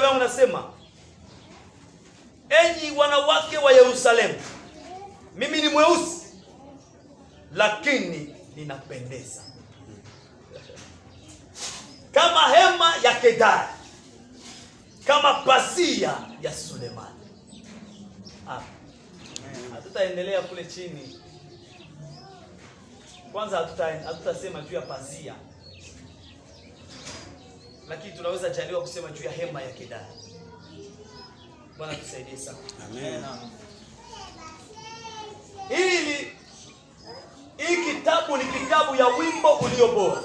mstari wangu nasema, enyi wanawake wa Yerusalemu, mimi ni mweusi lakini ninapendeza kama hema ya Kedari, kama pasia ya Sulemani. Ah, hatutaendelea kule chini, kwanza hatutasema juu ya pasia lakini tunaweza jaliwa kusema juu ya hema ya Kedari. Bwana tusaidie sana. Amen. Hili hii kitabu ni kitabu ya wimbo ulio bora.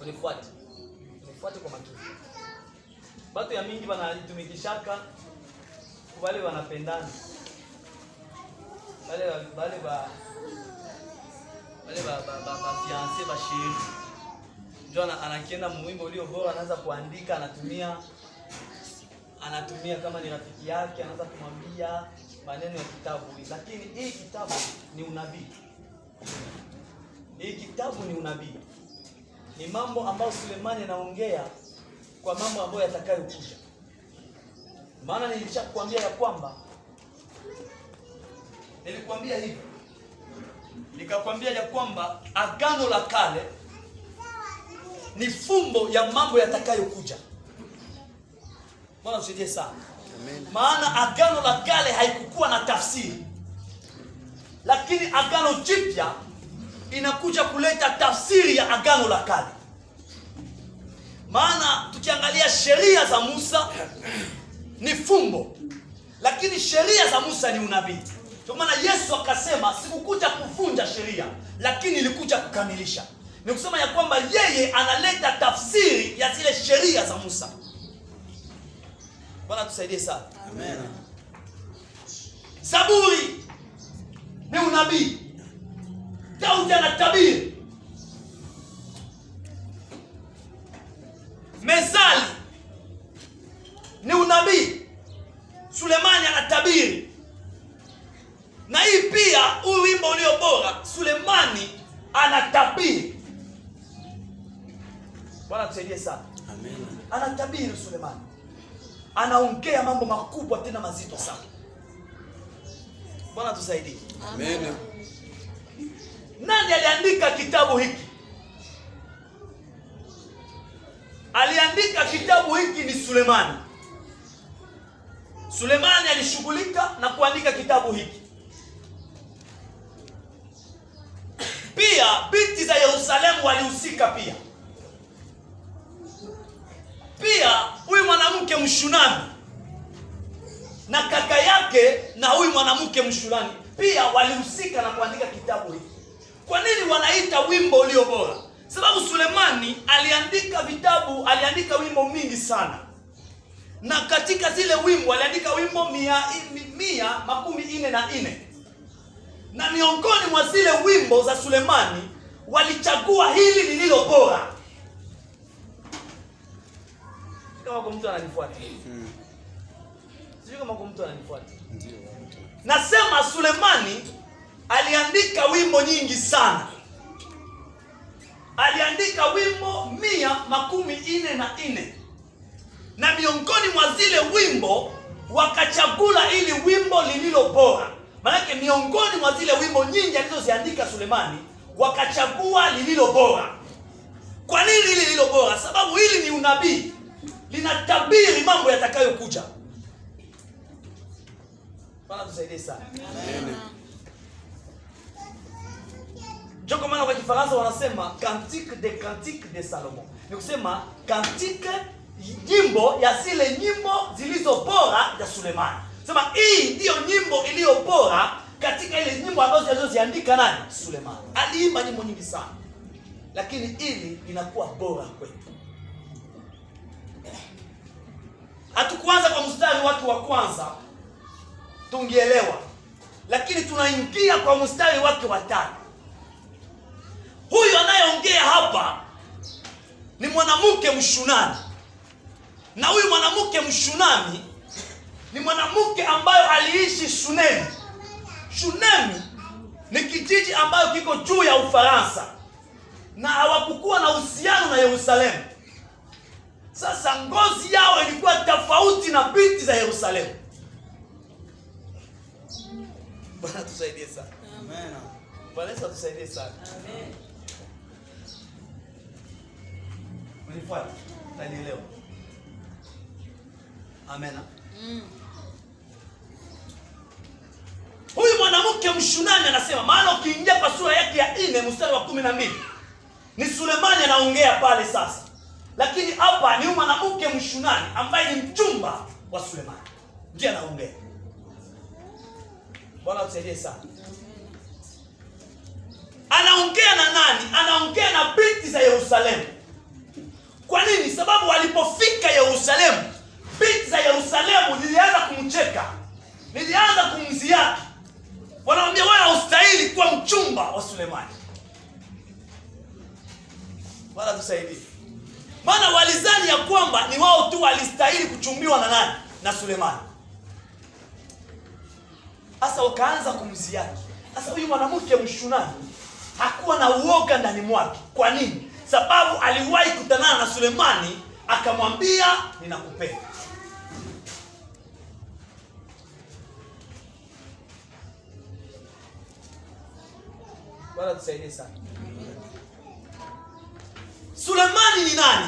Unifuate, unifuate kwa makini. Watu ya mingi wanatumikishaka wale wanapendana wale wale ba wale ba ba ba fiance ba, ba, ba, ba, ba, ba, ba, ba, ba ndio anakienda mwimbo ulio bora, anaanza kuandika, anatumia anatumia kama ni rafiki yake, anaanza kumwambia maneno ya kitabu. Lakini hii kitabu ni unabii, hii kitabu ni unabii, ni mambo ambayo Sulemani anaongea kwa mambo ambayo yatakayokuja. Maana nilishakwambia ya kwamba nilikwambia hivi, nikakwambia ya kwamba agano la kale ni fumbo ya mambo yatakayokuja. Bwana usaidie sana. Amen. Maana agano la kale haikukuwa na tafsiri, lakini agano jipya inakuja kuleta tafsiri ya agano la kale. Maana tukiangalia sheria za Musa ni fumbo, lakini sheria za Musa ni unabii. Kwa maana Yesu akasema sikukuja kuvunja sheria, lakini nilikuja kukamilisha ni kusema ya kwamba yeye analeta tafsiri ya zile sheria za Musa. Bwana tusaidie sana. Amen. Zaburi ni unabii. Daudi anatabiri. Mezali ni unabii. Sulemani anatabiri. Na hii pia huu wimbo ulio bora Sulemani anatabiri. Bwana tusaidie sana. Amen. Anatabiri Sulemani, anaongea mambo makubwa tena mazito sana. Bwana tusaidie. Amen. Nani aliandika kitabu hiki? Aliandika kitabu hiki ni Sulemani. Sulemani alishughulika na kuandika kitabu hiki. Pia binti za Yerusalemu walihusika pia. Pia huyu mwanamke mshunami na kaka yake na huyu mwanamke mshunami pia walihusika na kuandika kitabu hiki. Kwa nini wanaita wimbo ulio bora? Sababu Sulemani aliandika vitabu, aliandika wimbo mingi sana, na katika zile wimbo aliandika wimbo mia, mia makumi nne na nne na miongoni mwa zile wimbo za Sulemani walichagua hili lililo bora. kama kwa mtu ananifuata mm. Sijui kama kwa mtu ananifuata. Ndio. Nasema Sulemani aliandika wimbo nyingi sana, aliandika wimbo mia makumi ine na ine na miongoni mwa zile wimbo wakachagula ili wimbo lililo bora. Maanake miongoni mwa zile wimbo nyingi alizoziandika Sulemani wakachagua lililo bora. Kwa nini hili lililo bora? Sababu hili ni unabii linatabiri mambo yatakayokuja. bana tusaidie sana. Amen. Joko maana kwa Kifaransa wanasema cantique de cantique de Salomon. Ni kusema cantique nyimbo ya zile nyimbo zilizopora bora za Sulemani. Sema hii ndiyo nyimbo iliyopora katika ile nyimbo ambazo alizoziandika nani? Sulemani. Aliimba nyimbo nyingi sana. Lakini hili linakuwa bora kwetu. Hatukuanza kwa mstari wake wa kwanza, tungeelewa, lakini tunaingia kwa mstari wake wa tano. Huyu anayeongea hapa ni mwanamke Mshunani, na huyu mwanamke Mshunani ni mwanamke ambayo aliishi shunemi shunemi ni kijiji ambayo kiko juu ya Ufaransa, na hawakukuwa na uhusiano na Yerusalemu. Sasa ngozi yao ilikuwa tofauti na binti za Yerusalemu. Bwana tusaidie sana. Amen. Bwana Yesu tusaidie sana. Amen. Unifuata. Tanielewa. Amen. Mm. Huyu mwanamke mshunani anasema, maana ukiingia kwa sura yake ya 4 mstari wa 12 ni Sulemani anaongea pale sasa lakini hapa ni mwanamke mshunani ambaye ni mchumba wa Sulemani ndiye anaongea. Bwana tusaidie sana. Anaongea na nani? Anaongea na binti za Yerusalemu. Kwa nini? Sababu walipofika Yerusalemu, binti za Yerusalemu zilianza kumcheka, nilianza kumziaki, wanamwambia wewe haustahili kuwa mchumba wa Sulemani. Bwana tusaidie maana walizani ya kwamba ni wao tu walistahili kuchumbiwa na nani na Sulemani. Sasa wakaanza kumziaki. Sasa huyu mwanamke mshunani hakuwa na uoga ndani mwake. Kwa nini? Sababu aliwahi kutanana na Sulemani akamwambia ninakupenda. Bwana tusaidie sana. Sulemani ni nani?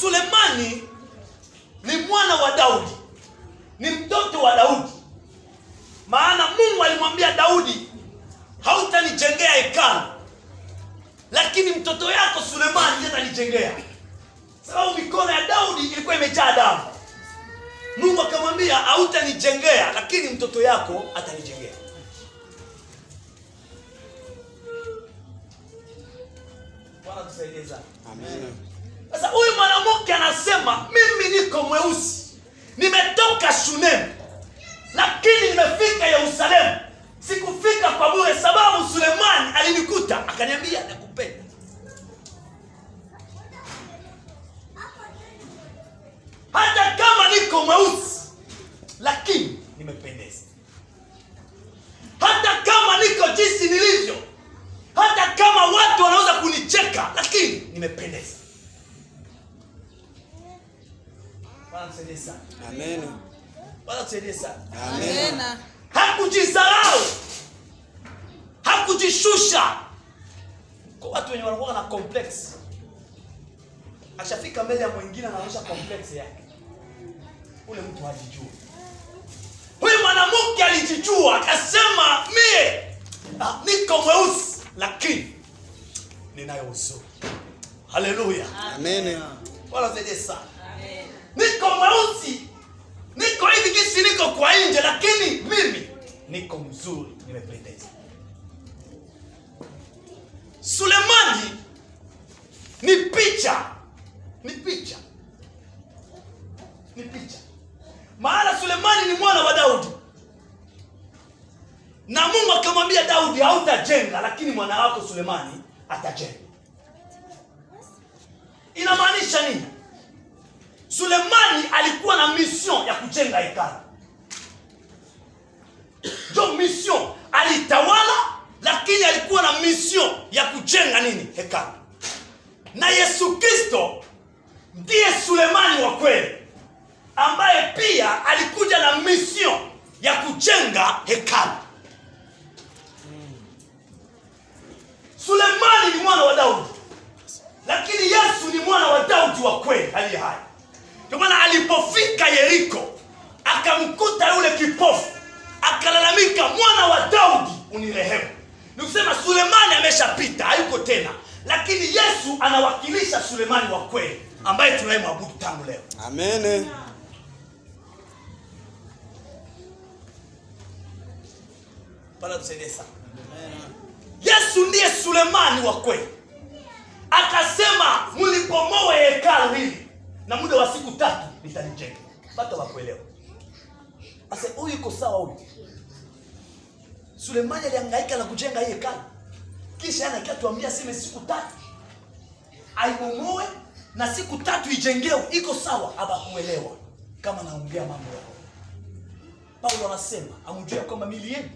Sulemani ni mwana wa Daudi, ni mtoto wa Daudi, maana Mungu alimwambia Daudi, hautanijengea hekalu, lakini mtoto yako Sulemani ndiye atanijengea, sababu mikono ya Daudi ilikuwa imejaa damu. Mungu akamwambia, hautanijengea, lakini mtoto yako atanijengea. Bwana Amen. Sasa huyu mwanamke anasema mimi niko mweusi, nimetoka shunem lakini nimefika Yerusalemu. Sikufika kwa bure, sababu Sulemani alinikuta akaniambia nakupenda. Hata kama niko mweusi, lakini nimependeza. Hata kama niko jinsi nilivyo hata kama watu wanaweza kunicheka, lakini nimependeza. Hakujisarau, hakujishusha. Kwa watu wenye wanakuwa na complex, ashafika mbele ya mwingine anaonyesha complex yake, ule mtu hajijua. Huyu mwanamke alijijua, akasema mie ah, niko mweusi lakini ninayo uzuri. Haleluya, amen. Bwana zaidi sana. Niko mauti, niko hivi kisi, niko kwa nje, lakini mimi niko mzuri, nimependeza. Sulemani ni picha, ni picha, ni picha, maana Sulemani ni mwana wa Daudi na Mungu akamwambia Daudi, hautajenga lakini mwana wako Sulemani atajenga. Inamaanisha nini? Sulemani alikuwa na mission ya kujenga hekalu. Jo mission alitawala, lakini alikuwa na mission ya kujenga nini? Hekalu. Na Yesu Kristo ndiye Sulemani wa kweli ambaye pia alikuja na mission ya kujenga hekalu. Sulemani ni mwana wa Daudi, lakini Yesu ni mwana wa Daudi wa kweli aliye hai. Ndio maana alipofika Yeriko akamkuta yule kipofu akalalamika, mwana wa Daudi unirehemu. kusema Sulemani ameshapita, hayuko tena, lakini Yesu anawakilisha Sulemani wa kweli ambaye tunayemwabudu tangu leo. Amen. Bwana tusaidie sana. Amen. Yesu ndiye Sulemani wa kweli. Akasema mlipomoe hekalu hili na muda wa siku tatu nitalijenga. Bado wakuelewa. Ase huyu iko sawa huyu. Sulemani alihangaika na kujenga hii hekalu. Kisha anakaa tuambia sime siku tatu. Aibomoe na siku tatu ijengewe. Iko sawa abakuelewa kama naongea mambo yao. Paulo anasema amjue kwamba mili yenu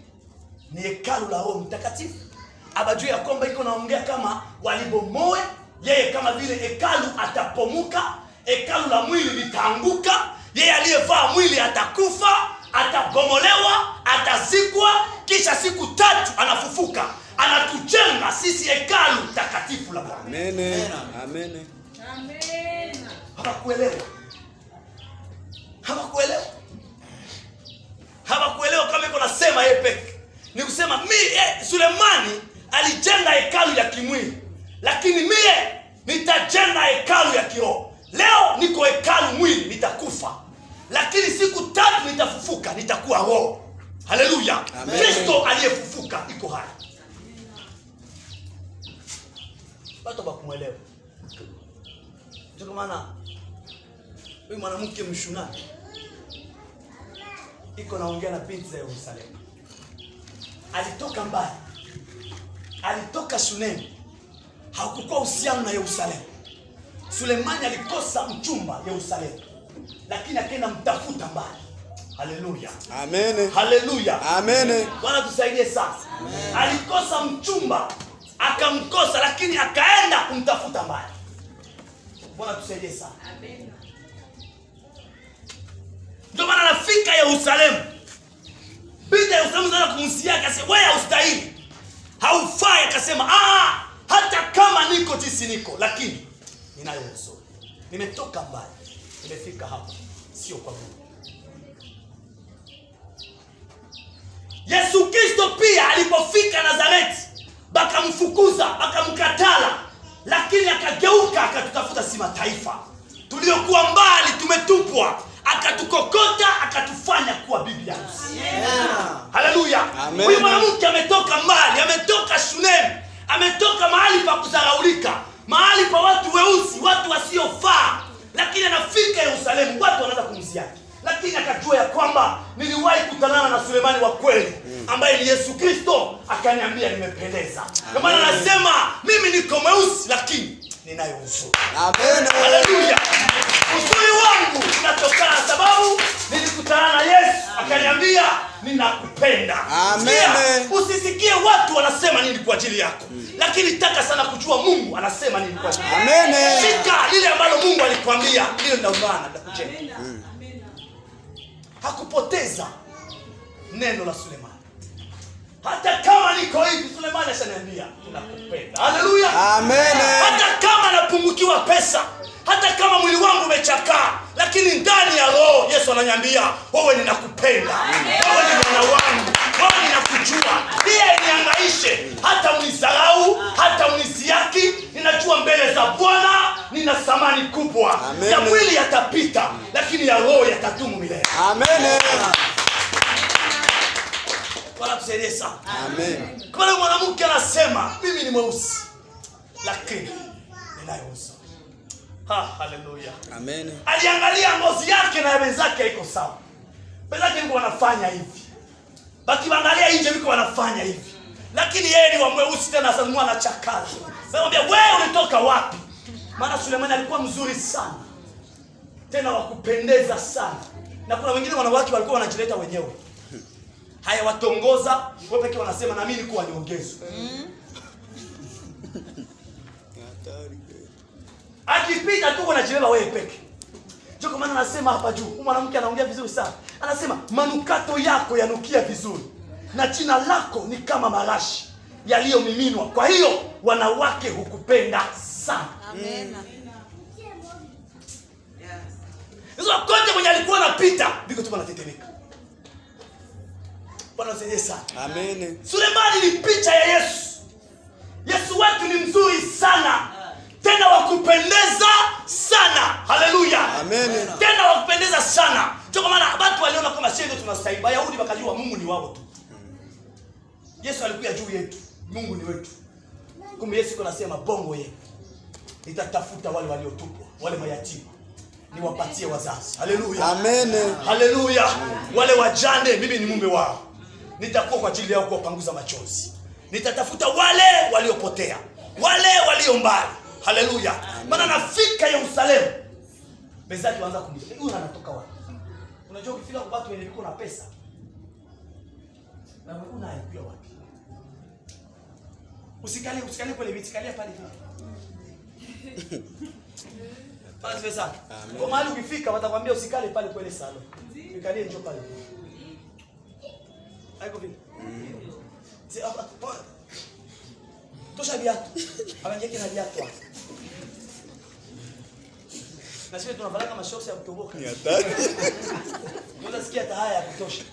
ni hekalu la Roho Mtakatifu abajue ya kwamba iko naongea kama walibomoe yeye, kama vile hekalu atapomuka, hekalu la mwili litaanguka, yeye aliyevaa mwili atakufa, atabomolewa, atazikwa, kisha siku tatu anafufuka, anatujenga sisi hekalu takatifu la Hawakuelewa, hawakuelewa, hawakuelewa kama iko nasema yepeke ni kusema mi eh, Sulemani alijenga hekalu ya kimwili, lakini mie nitajenga hekalu ya kiroho. Leo niko hekalu mwili, nitakufa, lakini siku tatu nitafufuka, nitakuwa roho. Haleluya! Kristo aliyefufuka iko hai, watu bakumwelewa. Ndio maana huyu mwanamke mshunani iko naongea na binti za Yerusalemu, alitoka mbali alitoka Shunemu, hakukuwa uhusiano na Yerusalemu. Sulemani alikosa mchumba Yerusalemu, lakini akaenda mtafuta mbali. Haleluya, amen, haleluya, amen. Bwana tusaidie sasa. Alikosa mchumba akamkosa, lakini akaenda kumtafuta mbali. Bwana tusaidie sasa, amen. Ndio maana anafika Yerusalemu, bila Yerusalemu, kumsikia akasema wewe haustahili haufai. Akasema ah, hata kama niko jinsi niko, lakini ninayo uzuri, nimetoka mbali, nimefika hapa, sio kwa Mungu. Yesu Kristo pia alipofika Nazareti bakamfukuza, bakamkatala, lakini akageuka, akatutafuta si mataifa tuliokuwa mbali, tumetupwa, akatukokota, akatufanya kuwa bibi harusi. Haleluya! Huyu mwanamke ametoka mbali, ametoka Shunemu, ametoka mahali pa kudharaulika, mahali pa watu weusi, watu wasiofaa, lakini anafika Yerusalemu, watu wanaanza kumsiaki lakini akajua ya kwamba niliwahi kutanana na Sulemani wa kweli mm. ambaye ni Yesu Kristo, akaniambia nimependeza. Kwa maana anasema mimi niko mweusi, lakini ninayo uzuri. Amen, haleluya usuli wangu natokana sababu nilikutana na Yesu akaniambia ninakupenda. Usisikie watu wanasema nini kwa ajili yako hmm. Lakini taka sana kujua Mungu anasema nini kwa ajili yako. Amen. Shika lile ambalo Mungu alikwambia, hiyo ndio maana hmm. Hakupoteza neno la Sulemani. Hata kama niko hivi, Sulemani ashaniambia ninakupenda Haleluya. Amen ukiwa pesa, hata kama mwili wangu umechakaa, lakini ndani ya roho Yesu ananiambia wewe, ninakupenda wewe, ni mwana wangu wewe, ninakujua pia, niangaishe hata mnizarau, hata mnisiaki, ninajua mbele za Bwana nina thamani kubwa. Ya mwili yatapita, lakini ya roho yatatumu milele. Amen. Bwana Amen. Kwa mwanamke anasema mimi ni mweusi lakini ninayo Ha, ah, haleluya. Amen. Aliangalia ngozi yake na wenzake iko sawa. Wenzake ndio wanafanya hivi. Bakiangalia nje niko wanafanya hivi. Lakini yeye ni wa mweusi tena asanua na chakala. Namwambia wewe ulitoka wapi? Maana Sulemani alikuwa mzuri sana. Tena wa kupendeza sana. Na kuna wengine wanawake walikuwa wanajileta wenyewe. Hayawatongoza, wao pekee wanasema na mimi nilikuwa niongezwe. Mm. akipita tu unachelewa wewe peke ndio kwa maana anasema hapa juu mwanamke anaongea vizuri sana anasema manukato yako yanukia vizuri na jina lako ni kama marashi yaliyomiminwa kwa hiyo wanawake hukupenda sana Amen. Hizo kote mwenye alikuwa anapita ndiko tu anatetemeka. sana. Amen. Sulemani ni picha ya Yesu. Yesu wetu ni mzuri sana tena wakupendeza sana haleluya tena wakupendeza sana ndio kwa maana watu waliona kama sisi ndio tunastahili wayahudi wakajua mungu ni wao tu yesu alikuja juu yetu mungu ni wetu kumbe yesu iko nasema bongo ye nitatafuta wale waliotupwa wale mayatima niwapatie wazazi haleluya haleluya wale wajane mimi ni mume wao nitakuwa kwa ajili yao kuwapanguza machozi nitatafuta wale waliopotea wale walio mbali Haleluya! Maana nafika Yerusalemu, mezaki waanza kumjia huyu anatoka wapi? Unajua, ukifika kwa watu wenye viko na pesa na wewe unaikuwa wapi? Usikalie, usikalie kwenye viti, kalia pale tu basi. Pesa kwa mahali ukifika, watakwambia usikale pale kwenye salo, nikalie njoo pale haiko vipi? tosha viatu ameniweke na viatu hapa na sisi tunavaa ya kutoboka ni hatari mbona sikia hata haya ya kutosha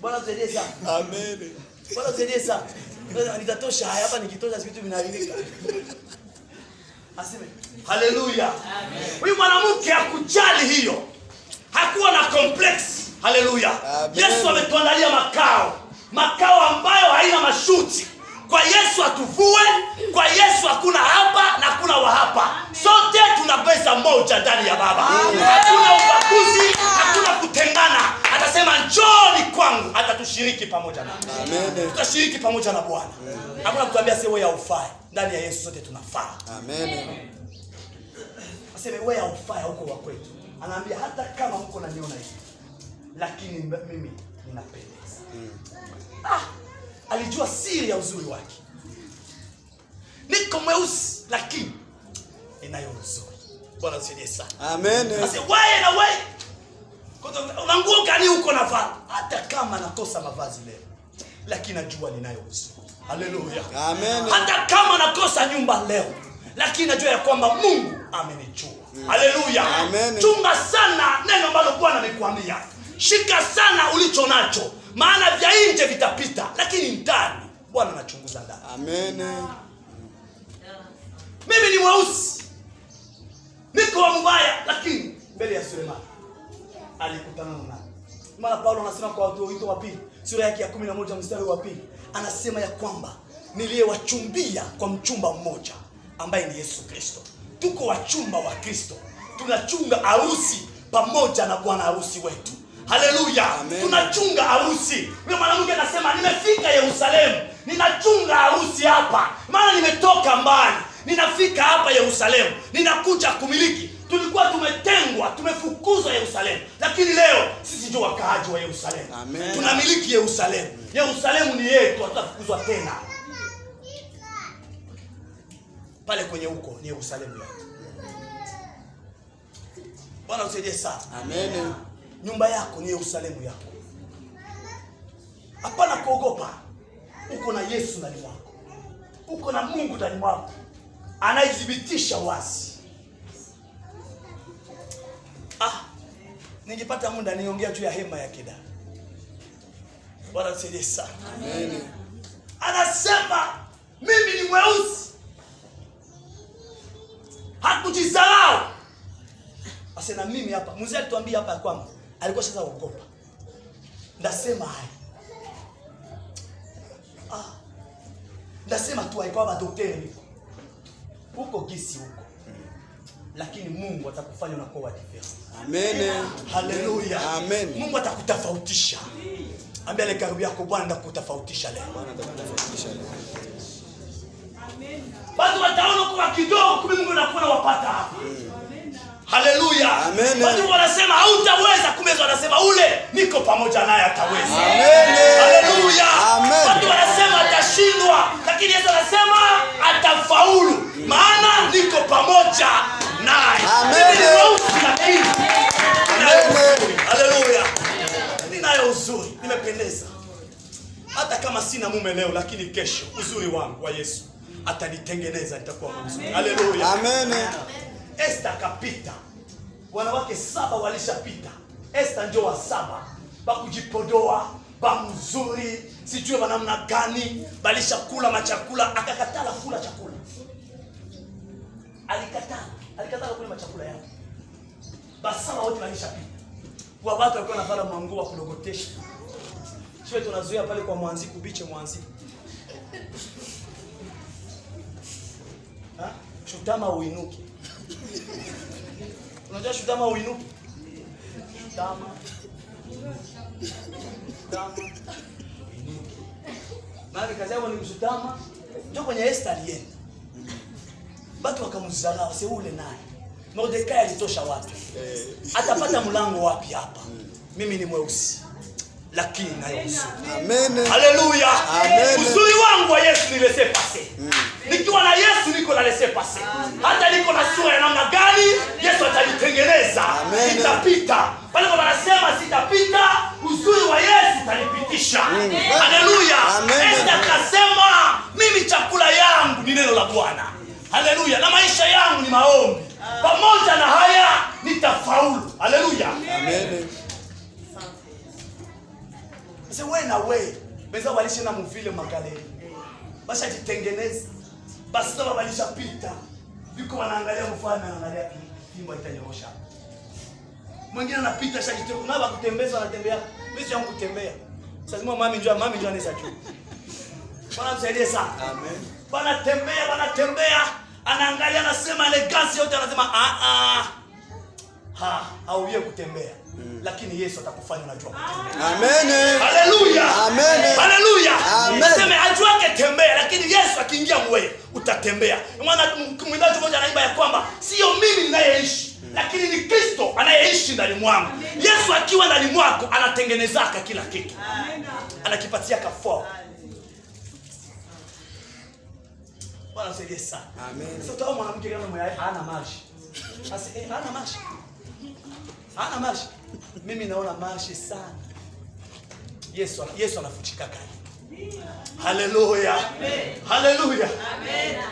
bwana tusaidie sana amen bwana tusaidie sana nitatosha haya hapa nikitosha sikitu vinaharibika aseme haleluya huyu mwanamke akuchali hiyo hakuwa na complex haleluya yesu ametuandalia makao makao ambayo haina mashuti kwa Yesu atuvue, kwa Yesu hakuna hapa na hakuna wa hapa. Sote tuna pesa moja ndani ya Baba. Hakuna ubaguzi, hakuna kutengana. Atasema njoni kwangu, atatushiriki pamoja na. Amen. Tutashiriki pamoja na Bwana. Hakuna kutuambia sisi wewe haufai. Ndani ya Yesu sote tunafaa. Amen. Aseme wewe haufai huko wa kwetu. Anaambia hata kama mko naniona hivi, lakini mimi ninapendeza. Hmm. Ah alijua siri ya uzuri wake. Niko mweusi lakini ninayo uzuri. Bwana usaidie sana. Amen. na gani uko navaa? Hata kama nakosa mavazi leo, lakini najua ninayo uzuri. Haleluya. Amen. Hata kama nakosa nyumba leo, lakini najua ya kwamba Mungu amenichua. Mm. Haleluya. Chunga sana neno ambalo Bwana amekuambia. Shika sana ulicho nacho maana vya nje vitapita, lakini ndani Bwana anachunguza ndani. Amen. Mimi ni mweusi, niko wa mbaya, lakini mbele ya Sulemani alikutana na nani? Maana Paulo anasema kwa Wito wa pili sura yake ya 11 mstari wa pili anasema ya kwamba niliyewachumbia kwa mchumba mmoja ambaye ni Yesu Kristo. Tuko wachumba wa Kristo, tunachunga harusi pamoja na bwana harusi wetu. Haleluya, tunachunga harusi. Yule mwanamke anasema nimefika Yerusalemu, ninachunga harusi hapa, maana nimetoka mbali, ninafika hapa Yerusalemu, ninakuja kumiliki. Tulikuwa tumetengwa, tumefukuzwa Yerusalemu, lakini leo sisi ndio wakaaji wa Yerusalemu, tunamiliki Yerusalemu. Yerusalemu ni yetu, hatutafukuzwa tena pale kwenye huko ni Yerusalemu yetu. Bwana usaidie sana. Amen nyumba yako ni Yerusalemu yako, hapana kuogopa. Uko na Yesu ndani mwako, uko na Mungu ndani mwako, anaithibitisha wazi. Ah, ningepata muda niongea juu ya hema ya Kedar. Bwana tusaidie sana. Amen. Anasema mimi ni mweusi, hakujizarau. Asema mimi hapa, mzee alituambia hapa kwamba alikuwa sasa ogopa. Ndasema hai. Ah. Ndasema tu haikuwa madaktari huko gisi huko lakini Mungu atakufanya unakuwa wa different. Amen. Haleluya. Amen. Mungu atakutofautisha. Ambia ile karibu yako Bwana atakutofautisha leo. Bwana atakutofautisha leo. Amen. Watu wataona kwa kidogo kumbe Mungu anakuwa anawapata hapo. Mm haleluya watu wanasema hautaweza kumeza wanasema ule niko pamoja naye ataweza haleluya watu wanasema atashindwa lakini yesu anasema atafaulu maana niko pamoja naye haleluya ninayo uzuri nimependeza hata kama sina mume leo lakini kesho uzuri wangu wa yesu atanitengeneza nitakuwa mzuri haleluya Esta akapita, wanawake saba walishapita, Esta ndio wa saba, bakujipodoa bamzuri, sijue wanamna gani, balishakula machakula, akakatala kula chakula. Alikatala, alikatala kula machakula yao, basaba wote walishapita. watu walikuwa nafala mwangu wa kulogotesha Sio tunazuia pale kwa mwanzi kubiche mwanzi. Ha? Chutama uinuke. Unajua shutama uinuki. Shutama. Shutama. Maana kazi yako ni kushutama. Ndio kwenye Esther alienda. Watu wakamzarau sasa ule naye. Mordekai alitosha watu. Eh. Atapata mlango wapi hapa? Mimi ni mweusi lakini Yesu. Amen. Haleluya. Amen. Uzuri wangu wa Yesu ni laissez passer. Mm. Nikiwa na Yesu niko na laissez passer. Hata niko na sura ya namna gani, Yesu atanitengeneza. Nitapita. Pale kwa anasema sitapita, uzuri wa Yesu utanipitisha. Hmm. Haleluya. Yesu akasema mimi chakula yangu ni neno la Bwana. Haleluya. Na maisha yangu ni maombi. Pamoja na haya nitafaulu. Haleluya. Amen. Mse we na we beza walishena muvile makaleli basha jitengeneza basi baba walishapita biko wanaangalia mfano wanaangalia kimbo itanyorosha mwingine anapita sha jitengo na bakutembeza anatembea mimi yangu kutembea sasa mimi njoo mami njoo anaweza juu bana msaidie sana amen bana tembea bana tembea anaangalia anasema ile gasi yote anasema a ah, a ah. ha hauye kutembea lakini Yesu atakufanya unajua kutembea. Amen. Haleluya. Amen. Haleluya. Niseme ajuake tembea, lakini Yesu akiingia mwe utatembea. Maana mwimbaji mmoja anaimba ya kwamba sio mimi ninayeishi lakini ni Kristo anayeishi ndani mwangu. Yesu akiwa ndani mwako anatengenezaka kila kitu, anakipatia kafo. Bwana saidia sana. Amen. Sasa utaona mwanamke kama mwenye hana maji, eh, hana maji, hana maji mimi naona mashi sana. Yesu, Yesu anafuchika kali. Haleluya, haleluya.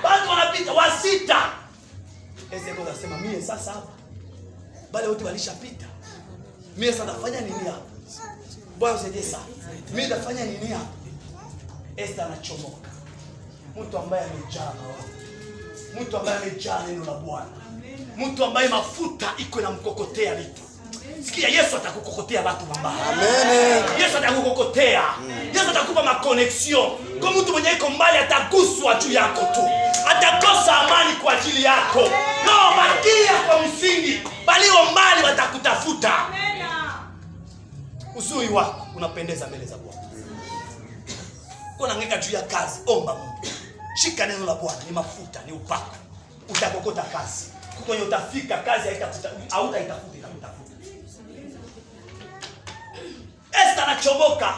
Bado wanapita wasita. Ezeko anasema mie sasa hapa, bale wote walishapita, mie sasa nafanya nini hapa? Bwana usaidie sana, mie nafanya nini hapa? Esta anachomoka, mtu ambaye amejaa mtu ambaye amejaa neno la Bwana, mtu ambaye mafuta iko na mkokotea vitu Sikia, Yesu atakukokotea watu wabaya. Amen. Yesu atakukokotea. Mm. Yesu atakupa makoneksio kwa mtu mwenye iko mbali, ataguswa juu yako tu, atakosa amani kwa ajili yako. No, bakia kwa msingi, walio mbali watakutafuta. usui wako unapendeza mbele za Bwana. Mm. Nangeka juu ya kazi, omba Mungu, shika neno la Bwana, ni mafuta, ni upako, utakokota kazi kwenye utafika. Kazi hautaitafuta, itakutafuta esta anachomoka,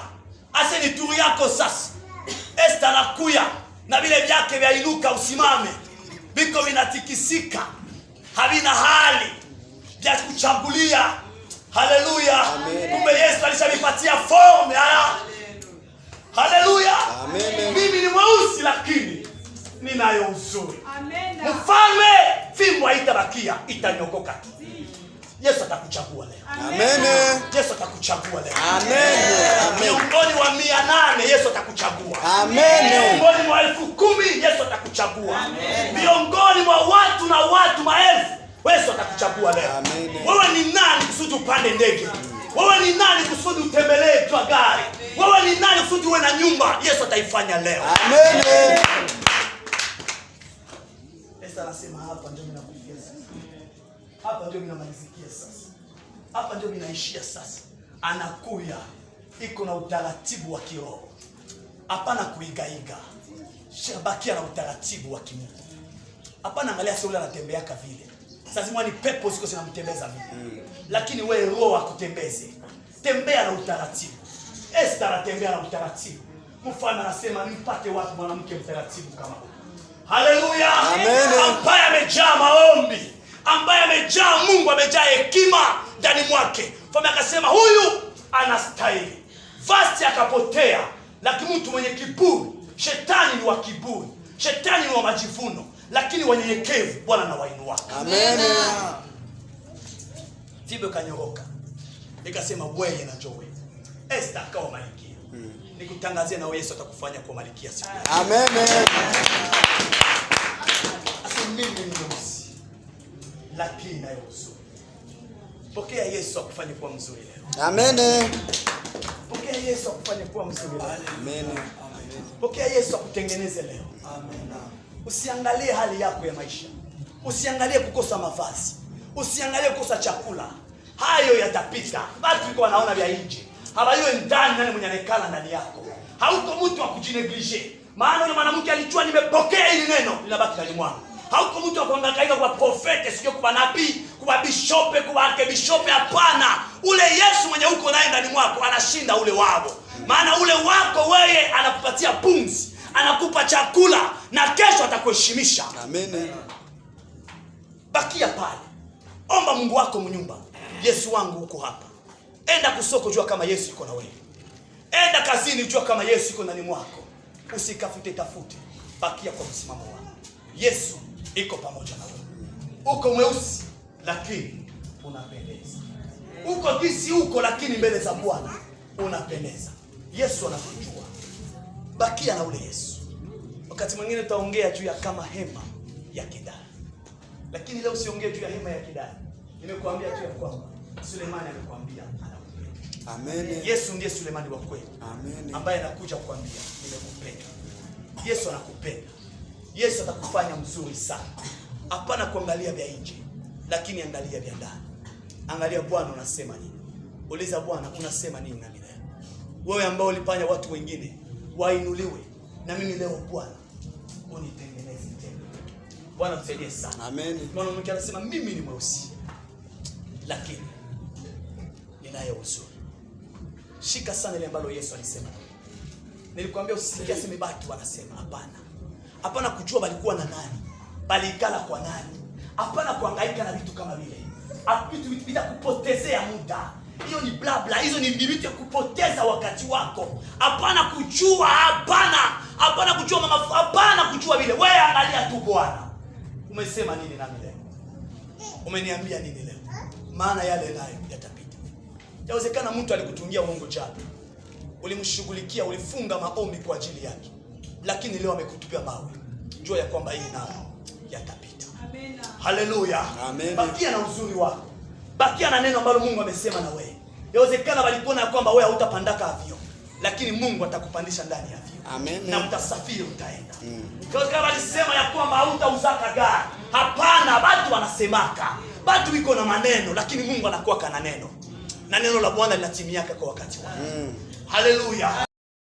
ase ni turi yako sasa. Esta anakuya na vile vyake vya inuka, usimame, viko vinatikisika, havina hali vya kuchambulia. Haleluya! Kumbe Yesu alishavipatia fomu. Haleluya! Mimi ni mweusi lakini ninayo uzuri. Mfalme fimbo haitabakia, itaniokoka tu. Yesu atakuchagua leo. Amen. Yesu atakuchagua leo. Amen. Miongoni wa mia nane Yesu atakuchagua. Amen. Miongoni mwa elfu kumi Yesu atakuchagua. Amen. Miongoni mwa watu na watu maelfu Yesu atakuchagua leo. Amen. Wewe ni nani kusudi upande ndege? Wewe ni nani kusudi utembelee kwa gari? Wewe ni nani kusudi uwe na nyumba? Yesu ataifanya leo. Amen. Yesu anasema hapa ndio mnakufia sisi. Hapa ndio mnamalizia hapa ndio ninaishia sasa. Anakuya iko na utaratibu wa kiroho, hapana kuigaiga, shabakia na utaratibu wa kimungu, hapana angalia sio yule anatembeaka vile. Lazima ni pepo siko sinamtembeza vile, mm. lakini wewe roho akutembeze, tembea na utaratibu. Esther anatembea na utaratibu, mfano anasema nipate watu mwanamke mtaratibu kama huyu? Haleluya, amejaa maono Mungu amejaa hekima ndani mwake. Mfalme akasema huyu anastahili. Vasti akapotea, lakini mtu mwenye kiburi. Shetani ni wa kiburi, shetani ni wa majivuno, lakini wanyenyekevu Bwana anawainua. Amen. Tibio kanyoroka nikasema wewe na njoo wewe. Esther akawa malikia. Hmm. nikutangazia na Yesu atakufanya kuwa malikia siku. Amen. Amen. Amen lakini nayo uzuri. Pokea Yesu akufanye kuwa mzuri leo. Amen. Pokea Yesu akufanye kuwa mzuri leo. Amen. Pokea Yesu akutengeneze leo. Amen. Usiangalie hali yako ya maisha, usiangalie kukosa mavazi, usiangalie kukosa chakula. Hayo yatapita. Watu iko wanaona vya nje, hawajui ndani nani mwenye anekala ndani yako. Hauko mtu wa kujineglige, maana yule mwanamke alijua nimepokea hili neno linabaki ndani mwangu hauko mtu wakuangaika kwa profete, sio kwa nabii, kwa bishope, kwa arkebishope. Hapana, ule Yesu mwenye uko naye ndani mwako anashinda ule wao, maana ule wako weye anakupatia pumzi, anakupa chakula na kesho atakuheshimisha. Amen. Bakia pale, omba Mungu wako mnyumba. Yesu wangu huko hapa. Enda kusoko, jua kama Yesu yuko na wewe. Enda kazini, jua kama Yesu yuko ndani mwako. Usikafute tafute, bakia kwa msimamo wako Yesu iko pamoja na wewe. Uko mweusi lakini unapendeza, uko jinsi uko lakini mbele za Bwana unapendeza. Yesu anakujua, bakia na ule Yesu. Wakati mwingine utaongea juu ya kama hema ya kidani lakini leo usiongee juu ya hema ya kidari. Nimekuambia tu ya kwamba Sulemani amekuambia Amen. Yesu ndiye Sulemani wa kweli ambaye anakuja kukwambia nimekupenda. Yesu anakupenda. Yesu atakufanya mzuri sana. Hapana kuangalia vya nje, lakini angalia vya ndani. Angalia Bwana unasema nini? Uliza Bwana unasema nini na mimi leo? Wewe ambao ulifanya watu wengine wainuliwe, na mimi leo Bwana unitengeneze tena. Bwana msaidie sana. Amen. Mwanamke anasema mimi ni mweusi, lakini ninayo uzuri. Shika sana ile ambalo Yesu alisema. Nilikwambia usikie aseme wanasema hapana hapana kujua balikuwa na nani, balikala kwa nani, hapana kuangaika na vitu kama vile vitu vitakupotezea muda. Hiyo ni bla bla hizo ni vitu ya kupoteza wakati wako. Hapana kujua, hapana, hapana kujua mama, hapana kujua vile. Wewe angalia tu, Bwana umesema nini nami leo, umeniambia nini leo, maana yale nayo yatapita. Yawezekana mtu alikutungia uongo jana, ulimshughulikia, ulifunga maombi kwa ajili yake lakini leo amekutupia mawe, jua ya kwamba hii nayo yatapita. Haleluya, bakia na uzuri wako, bakia na neno ambalo Mungu amesema na wewe. Yawezekana walikuona ya kwamba wewe hautapandaka avyo, lakini Mungu atakupandisha ndani ya avyo na mtasafiri, utaenda. mm. walisema ya kwamba hautauzaka gari. Hapana, watu wanasemaka, watu iko na maneno, lakini Mungu anakuwa kana neno na neno la Bwana linatimia kwa wakati wake. mm. Haleluya.